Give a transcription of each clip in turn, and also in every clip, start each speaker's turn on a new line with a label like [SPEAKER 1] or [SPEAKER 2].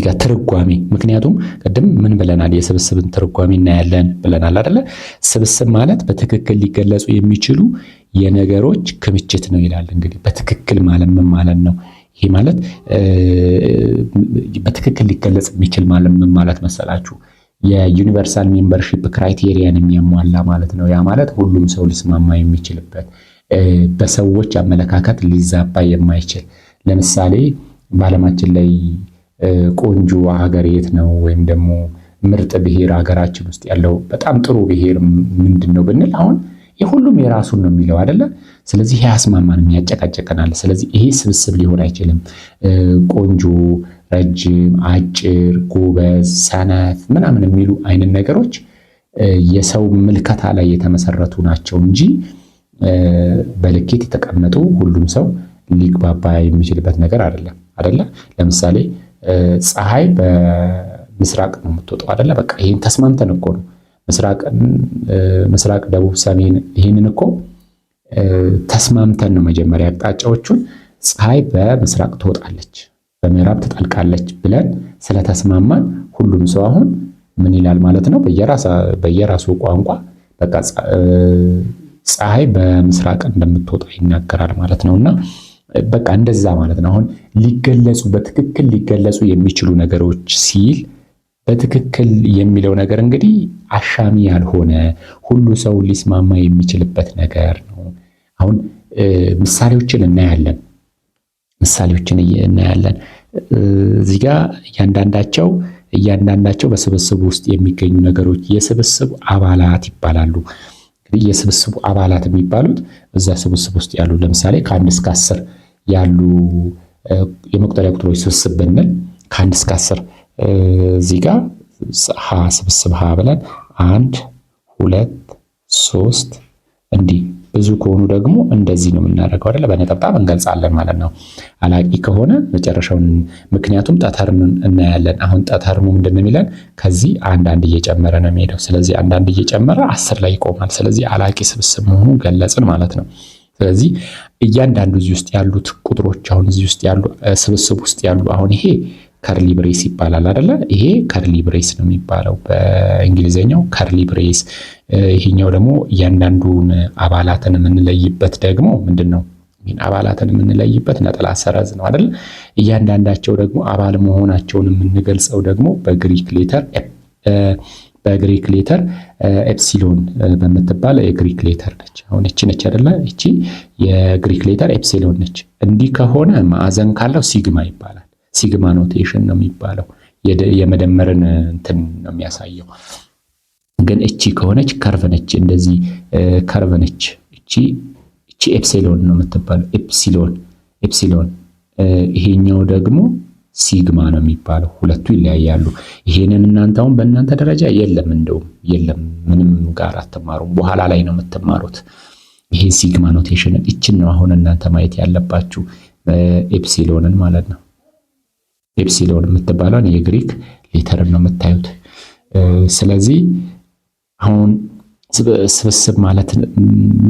[SPEAKER 1] እዚህ ጋር ትርጓሜ። ምክንያቱም ቅድም ምን ብለናል? የስብስብን ትርጓሜ እናያለን ብለናል አደለ? ስብስብ ማለት በትክክል ሊገለጹ የሚችሉ የነገሮች ክምችት ነው ይላል። እንግዲህ በትክክል ማለት ምን ማለት ነው? ይሄ ማለት በትክክል ሊገለጽ የሚችል ማለት ምን ማለት መሰላችሁ? የዩኒቨርሳል ሜምበርሺፕ ክራይቴሪያን የሚያሟላ ማለት ነው። ያ ማለት ሁሉም ሰው ሊስማማ የሚችልበት በሰዎች አመለካከት ሊዛባ የማይችል ለምሳሌ በዓለማችን ላይ ቆንጆ ሀገር የት ነው ወይም ደግሞ ምርጥ ብሔር ሀገራችን ውስጥ ያለው በጣም ጥሩ ብሔር ምንድን ነው ብንል አሁን የሁሉም የራሱን ነው የሚለው አይደለ? ስለዚህ ያስማማን የሚያጨቃጨቀናል። ስለዚህ ይሄ ስብስብ ሊሆን አይችልም። ቆንጆ፣ ረጅም፣ አጭር፣ ጎበዝ፣ ሰነፍ ምናምን የሚሉ አይነት ነገሮች የሰው ምልከታ ላይ የተመሰረቱ ናቸው እንጂ በልኬት የተቀመጡ ሁሉም ሰው ሊግባባ የሚችልበት ነገር አይደለም። አይደለ? ለምሳሌ ፀሐይ በምስራቅ ነው የምትወጣው አይደለ? በቃ ይህን ተስማምተን እኮ ነው ምስራቅ፣ ደቡብ፣ ሰሜን ይህንን እኮ ተስማምተን ነው መጀመሪያ አቅጣጫዎቹን ፀሐይ በምስራቅ ትወጣለች በምዕራብ ትጠልቃለች ብለን ስለተስማማን ሁሉም ሰው አሁን ምን ይላል ማለት ነው በየራሱ ቋንቋ በቃ ፀሐይ በምስራቅ እንደምትወጣ ይናገራል ማለት ነውና በቃ እንደዛ ማለት ነው። አሁን ሊገለጹ በትክክል ሊገለጹ የሚችሉ ነገሮች ሲል በትክክል የሚለው ነገር እንግዲህ አሻሚ ያልሆነ ሁሉ ሰው ሊስማማ የሚችልበት ነገር ነው። አሁን ምሳሌዎችን እናያለን። ምሳሌዎችን እናያለን እዚህ ጋ እያንዳንዳቸው እያንዳንዳቸው በስብስቡ ውስጥ የሚገኙ ነገሮች የስብስቡ አባላት ይባላሉ። እንግዲህ የስብስቡ አባላት የሚባሉት እዛ ስብስብ ውስጥ ያሉ ለምሳሌ ከአንድ እስከ አስር ያሉ የመቁጠሪያ ቁጥሮች ስብስብ ብንል ከአንድ እስከ አስር እዚህ ጋር ሀ ስብስብ ሀ ብለን አንድ ሁለት ሶስት እንዲህ ብዙ ከሆኑ ደግሞ እንደዚህ ነው የምናደርገው አይደለ? በነጠብጣብ እንገልጻለን ማለት ነው። አላቂ ከሆነ መጨረሻውን ምክንያቱም ጠተርም እናያለን። አሁን ጠተርሙ ምንድን ነው የሚለን? ከዚህ አንዳንድ እየጨመረ ነው የሚሄደው። ስለዚህ አንዳንድ እየጨመረ አስር ላይ ይቆማል። ስለዚህ አላቂ ስብስብ መሆኑ ገለጽን ማለት ነው። ስለዚህ እያንዳንዱ እዚህ ውስጥ ያሉት ቁጥሮች አሁን እዚህ ውስጥ ያሉ ስብስብ ውስጥ ያሉ አሁን ይሄ ከርሊ ብሬስ ይባላል አደለ? ይሄ ከርሊ ብሬስ ነው የሚባለው በእንግሊዝኛው ከርሊ ብሬስ። ይሄኛው ደግሞ እያንዳንዱን አባላትን የምንለይበት ደግሞ ምንድን ነው? አባላትን የምንለይበት ነጠላ ሰረዝ ነው አደለ? እያንዳንዳቸው ደግሞ አባል መሆናቸውን የምንገልጸው ደግሞ በግሪክ ሌተር በግሪክ ሌተር ኤፕሲሎን በምትባል የግሪክ ሌተር ነች። አሁን እቺ ነች አይደለ? እቺ የግሪክ ሌተር ኤፕሲሎን ነች። እንዲህ ከሆነ ማዕዘን ካለው ሲግማ ይባላል። ሲግማ ኖቴሽን ነው የሚባለው። የመደመርን እንትን ነው የሚያሳየው። ግን እቺ ከሆነች ከርቭ ነች። እንደዚህ ከርቭ ነች። እቺ እቺ ኤፕሲሎን ነው የምትባለው። ኤፕሲሎን ኤፕሲሎን። ይሄኛው ደግሞ ሲግማ ነው የሚባለው። ሁለቱ ይለያያሉ። ይሄንን እናንተ አሁን በእናንተ ደረጃ የለም እንደውም የለም ምንም ጋር አትማሩም። በኋላ ላይ ነው የምትማሩት። ይሄ ሲግማ ኖቴሽን ይችን ነው አሁን እናንተ ማየት ያለባችሁ ኤፕሲሎንን ማለት ነው። ኤፕሲሎን የምትባለውን የግሪክ ሌተርን ነው የምታዩት። ስለዚህ አሁን ስብስብ ማለት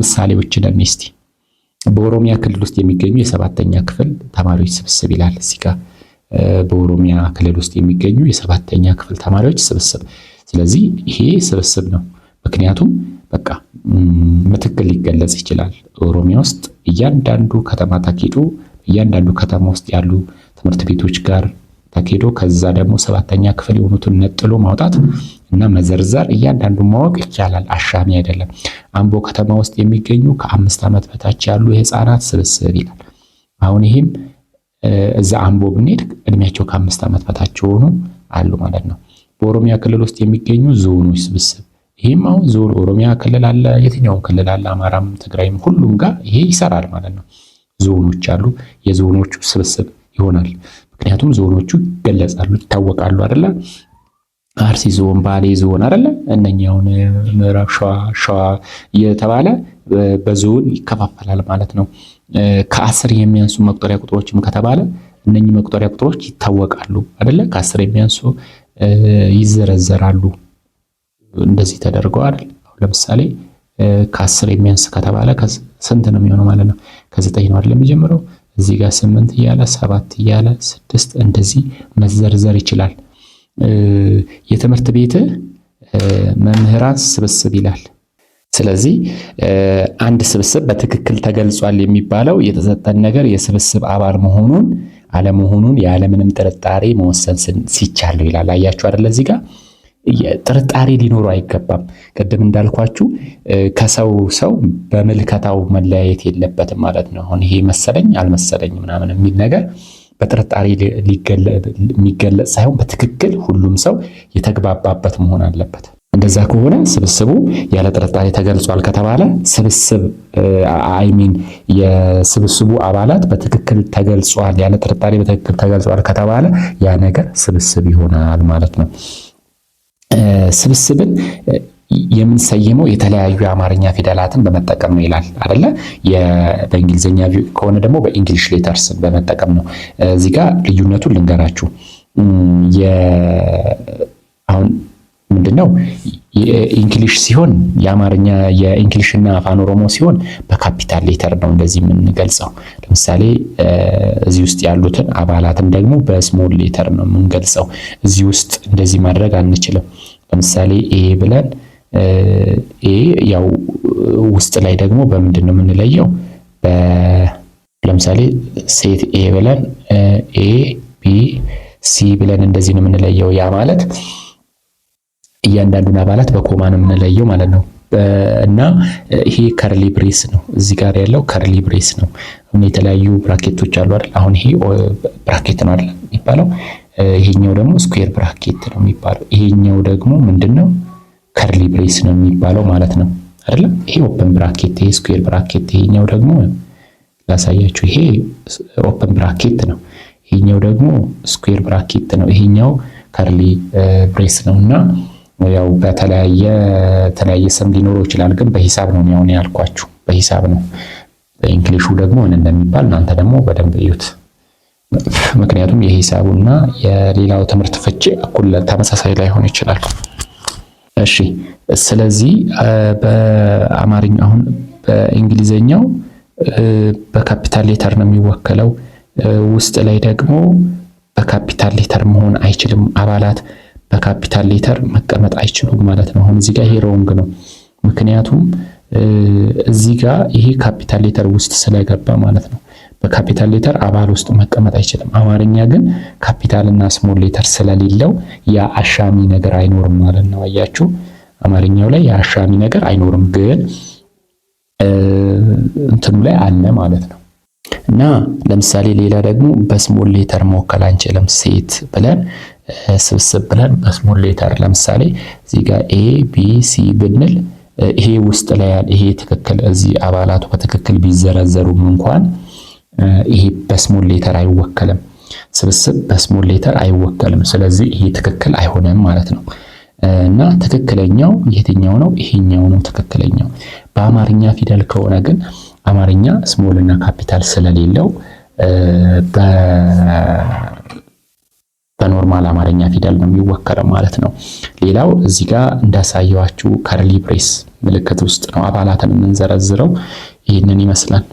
[SPEAKER 1] ምሳሌዎችን እስቲ በኦሮሚያ ክልል ውስጥ የሚገኙ የሰባተኛ ክፍል ተማሪዎች ስብስብ ይላል እዚህ ጋር በኦሮሚያ ክልል ውስጥ የሚገኙ የሰባተኛ ክፍል ተማሪዎች ስብስብ። ስለዚህ ይሄ ስብስብ ነው። ምክንያቱም በቃ ምትክል ሊገለጽ ይችላል። ኦሮሚያ ውስጥ እያንዳንዱ ከተማ ታኬዶ እያንዳንዱ ከተማ ውስጥ ያሉ ትምህርት ቤቶች ጋር ታኬዶ ከዛ ደግሞ ሰባተኛ ክፍል የሆኑትን ነጥሎ ማውጣት እና መዘርዘር እያንዳንዱ ማወቅ ይቻላል። አሻሚ አይደለም። አምቦ ከተማ ውስጥ የሚገኙ ከአምስት ዓመት በታች ያሉ የህፃናት ስብስብ ይላል። አሁን ይህም እዛ አምቦ ብንሄድ እድሜያቸው ከአምስት ዓመት በታች የሆኑ አሉ ማለት ነው። በኦሮሚያ ክልል ውስጥ የሚገኙ ዞኖች ስብስብ ይህም አሁን ዞን ኦሮሚያ ክልል አለ፣ የትኛውም ክልል አለ፣ አማራም ትግራይም ሁሉም ጋር ይሄ ይሰራል ማለት ነው። ዞኖች አሉ፣ የዞኖቹ ስብስብ ይሆናል። ምክንያቱም ዞኖቹ ይገለጻሉ፣ ይታወቃሉ አደለ? አርሲ ዞን፣ ባሌ ዞን አደለ? እነኛውን ምዕራብ ሸዋ፣ ሸዋ እየተባለ በዞን ይከፋፈላል ማለት ነው። ከአስር የሚያንሱ መቁጠሪያ ቁጥሮችም ከተባለ እነኚህ መቁጠሪያ ቁጥሮች ይታወቃሉ አደለ? ከአስር የሚያንሱ ይዘረዘራሉ። እንደዚህ ተደርገው አይደል? አሁን ለምሳሌ ከአስር የሚያንስ ከተባለ ስንት ነው የሚሆነው ማለት ነው? ከዘጠኝ ነው አይደል የሚጀምረው? እዚህ ጋር ስምንት እያለ ሰባት እያለ ስድስት እንደዚህ መዘርዘር ይችላል። የትምህርት ቤት መምህራን ስብስብ ይላል። ስለዚህ አንድ ስብስብ በትክክል ተገልጿል የሚባለው የተሰጠን ነገር የስብስብ አባል መሆኑን አለመሆኑን ያለምንም ጥርጣሬ መወሰን ሲቻል ነው ይላል። አያችሁ አደለ? እዚህ ጋር ጥርጣሬ ሊኖሩ አይገባም። ቅድም እንዳልኳችሁ ከሰው ሰው በምልከታው መለያየት የለበትም ማለት ነው። አሁን ይሄ መሰለኝ አልመሰለኝ ምናምን የሚል ነገር በጥርጣሬ የሚገለጽ ሳይሆን በትክክል ሁሉም ሰው የተግባባበት መሆን አለበት። እንደዛ ከሆነ ስብስቡ ያለ ጥርጣሬ ተገልጿል ከተባለ ስብስብ አይሚን የስብስቡ አባላት በትክክል ተገልጿል፣ ያለ ጥርጣሬ በትክክል ተገልጿል ከተባለ ያ ነገር ስብስብ ይሆናል ማለት ነው። ስብስብን የምንሰይመው የተለያዩ የአማርኛ ፊደላትን በመጠቀም ነው ይላል አደለ? በእንግሊዝኛ ከሆነ ደግሞ በኢንግሊሽ ሌተርስ በመጠቀም ነው። እዚህ ጋር ልዩነቱን ልንገራችሁ። አሁን ምንድነው የኢንግሊሽ ሲሆን የአማርኛ የኢንግሊሽና አፋን ኦሮሞ ሲሆን በካፒታል ሌተር ነው እንደዚህ የምንገልጸው። ለምሳሌ እዚህ ውስጥ ያሉትን አባላትን ደግሞ በስሞል ሌተር ነው የምንገልጸው። እዚህ ውስጥ እንደዚህ ማድረግ አንችልም። ለምሳሌ ኤ ብለን ኤ ያው ውስጥ ላይ ደግሞ በምንድን ነው የምንለየው? ለምሳሌ ሴት ኤ ብለን ኤ ቢ ሲ ብለን እንደዚህ ነው የምንለየው ያ ማለት እያንዳንዱን አባላት በኮማ ነው የምንለየው ማለት ነው። እና ይሄ ከርሊ ብሬስ ነው። እዚህ ጋር ያለው ከርሊ ብሬስ ነው። የተለያዩ ብራኬቶች አሉ አይደል? አሁን ይሄ ብራኬት ነው አይደል የሚባለው። ይሄኛው ደግሞ ስኩዌር ብራኬት ነው የሚባለው። ይሄኛው ደግሞ ምንድን ነው? ከርሊ ብሬስ ነው የሚባለው ማለት ነው አይደል? ይሄ ኦፕን ብራኬት፣ ይሄ ስኩዌር ብራኬት። ይሄኛው ደግሞ ላሳያችሁ፣ ይሄ ኦፕን ብራኬት ነው። ይሄኛው ደግሞ ስኩዌር ብራኬት ነው። ይሄኛው ከርሊ ብሬስ ነው እና ያው በተለያየ ተለያየ ስም ሊኖረው ይችላል፣ ግን በሂሳብ ነው ያው ያልኳችሁ በሂሳብ ነው። በእንግሊሹ ደግሞ ምን እንደሚባል እናንተ ደግሞ በደንብ እዩት። ምክንያቱም የሂሳቡና የሌላው ትምህርት ፍቺ እኩል ተመሳሳይ ላይሆን ይችላል። እሺ ስለዚህ በአማርኛ አሁን በእንግሊዘኛው በካፒታል ሌተር ነው የሚወከለው። ውስጥ ላይ ደግሞ በካፒታል ሌተር መሆን አይችልም አባላት በካፒታል ሌተር መቀመጥ አይችሉም ማለት ነው። አሁን እዚህ ጋር ይሄ ሮንግ ነው፣ ምክንያቱም እዚህ ጋር ይሄ ካፒታል ሌተር ውስጥ ስለገባ ማለት ነው። በካፒታል ሌተር አባል ውስጥ መቀመጥ አይችልም። አማርኛ ግን ካፒታል እና ስሞል ሌተር ስለሌለው ያ አሻሚ ነገር አይኖርም ማለት ነው። አያችሁ አማርኛው ላይ ያ አሻሚ ነገር አይኖርም፣ ግን እንትኑ ላይ አለ ማለት ነው። እና ለምሳሌ ሌላ ደግሞ በስሞል ሌተር መወከል አንችልም ሴት ብለን ስብስብ ብለን በስሞል ሌተር ለምሳሌ እዚህ ጋር ኤ ቢ ሲ ብንል ይሄ ውስጥ ላይ ያለ ይሄ ትክክል እዚህ አባላቱ በትክክል ቢዘረዘሩም እንኳን ይሄ በስሞል ሌተር አይወከልም። ስብስብ በስሞል ሌተር አይወከልም። ስለዚህ ይሄ ትክክል አይሆንም ማለት ነው። እና ትክክለኛው የትኛው ነው? ይሄኛው ነው ትክክለኛው። በአማርኛ ፊደል ከሆነ ግን አማርኛ ስሞል እና ካፒታል ስለሌለው በኖርማል አማርኛ ፊደል ነው የሚወከለው ማለት ነው። ሌላው እዚህ ጋር እንዳሳየዋችሁ ከርሊ ብሬስ ምልክት ውስጥ ነው አባላትን የምንዘረዝረው። ይህንን ይመስላል።